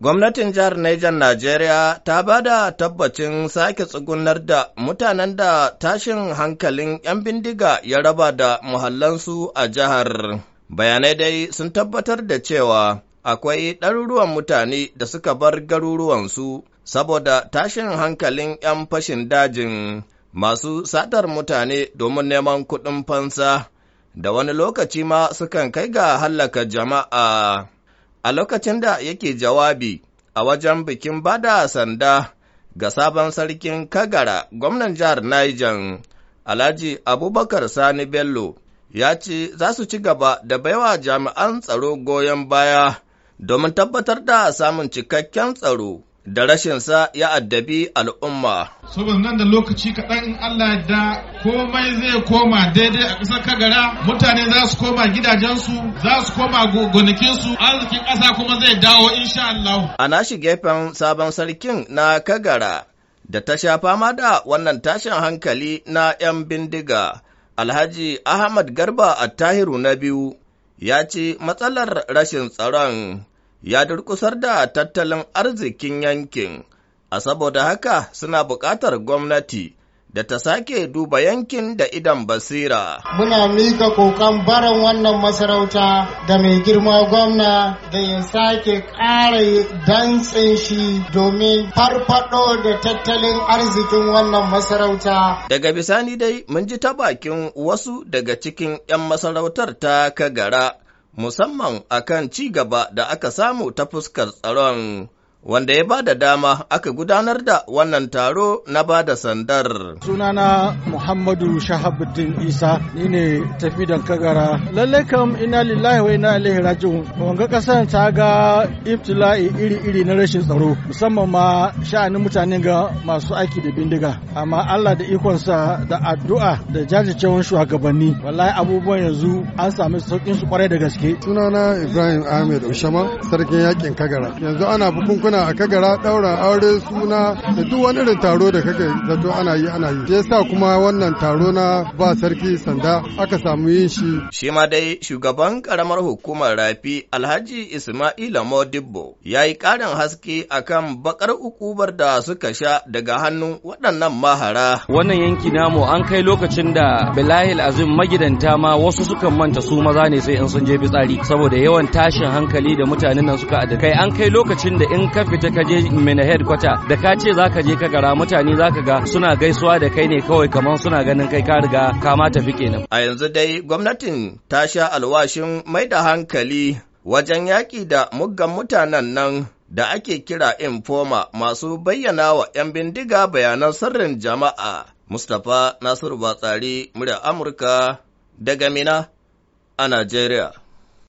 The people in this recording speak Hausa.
Gwamnatin jihar Niger Najeriya ta ba da tabbacin sake tsugunar da mutanen da tashin hankalin 'yan bindiga ya raba da muhallansu a jihar. Bayanai dai sun tabbatar da cewa akwai ɗaruruwan mutane da suka bar garuruwansu saboda tashin hankalin 'yan fashin dajin masu satar mutane domin neman kuɗin fansa, da wani lokaci ma sukan kai ga hallaka jama'a. A lokacin da yake jawabi a wajen bikin bada sanda ga sabon sarkin Kagara, gwamnan jihar Niger, Alhaji Abubakar Sani Bello, ya ce za su ci gaba da baiwa jami'an tsaro goyon baya domin tabbatar da samun cikakken tsaro da rashinsa ya addabi al'umma. Saboda nan da lokaci kaɗan in Allah da komai zai koma daidai a ƙasar kagara mutane za su koma gidajensu za su koma gonakinsu arzikin ƙasa kuma zai dawo insha Allah. A nashi gefen sabon sarkin na kagara da ta sha fama da wannan tashin hankali na 'yan bindiga Alhaji Ahmad Garba a Tahiru na biyu ya ce matsalar rashin tsaron ya durkusar da tattalin arzikin yankin, a saboda haka suna buƙatar gwamnati da ta sake duba yankin da idan basira. Muna mika kokan baran wannan masarauta da mai girma gwamna da ya sake ƙara dantsin shi domin farfaɗo da tattalin arzikin wannan masarauta. Daga bisani dai mun ji ta bakin wasu daga cikin 'yan masarautar ta kagara. musamman akan ci gaba da aka samu ta fuskar tsaron. wanda ya ba da dama aka gudanar da wannan taro na ba da sandar. Sunana Muhammadu Shahabuddin Isa ni ne tafi da kagara. Lallai kam ina lillahi wa ina ilaihi raji'un. Wanga kasan ta ga iftila'i iri-iri na rashin tsaro musamman ma sha'anin mutane ga masu aiki da bindiga. Amma Allah da ikonsa da addu'a da jajircewan shugabanni wallahi abubuwan yanzu an sami sauƙin su kwarai da gaske. Sunana Ibrahim Ahmed Ushama sarkin yakin kagara. Yanzu ana bukun muna a kagara ɗaura auren suna da duk wani irin taro da kake zato ana yi ana yi. yasa kuma wannan taro na ba sarki sanda aka samu yin shi. Shi ma dai shugaban karamar hukumar rafi Alhaji Ismaila Modibbo ya yi ƙarin haske akan bakar ukubar da suka sha daga hannun waɗannan mahara. Wannan yanki namu an kai lokacin da Bilahil Azim magidanta ma wasu sukan manta su maza ne sai in sun je fitsari saboda yawan tashin hankali da mutanen nan suka kai an kai lokacin da in ka ka fita ka je mena headquarter da ka ce za ka je ka gara mutane za ka ga suna gaisuwa da kai ne kawai kamar suna ganin kai ka riga kama tafi kenan. A yanzu dai gwamnatin ta sha alwashin mai da hankali wajen yaƙi da muggan mutanen nan da ake kira informa masu bayyana wa 'yan bindiga bayanan sirrin jama'a. Mustapha Nasiru Batsari, murya Amurka, daga Mina a Najeriya.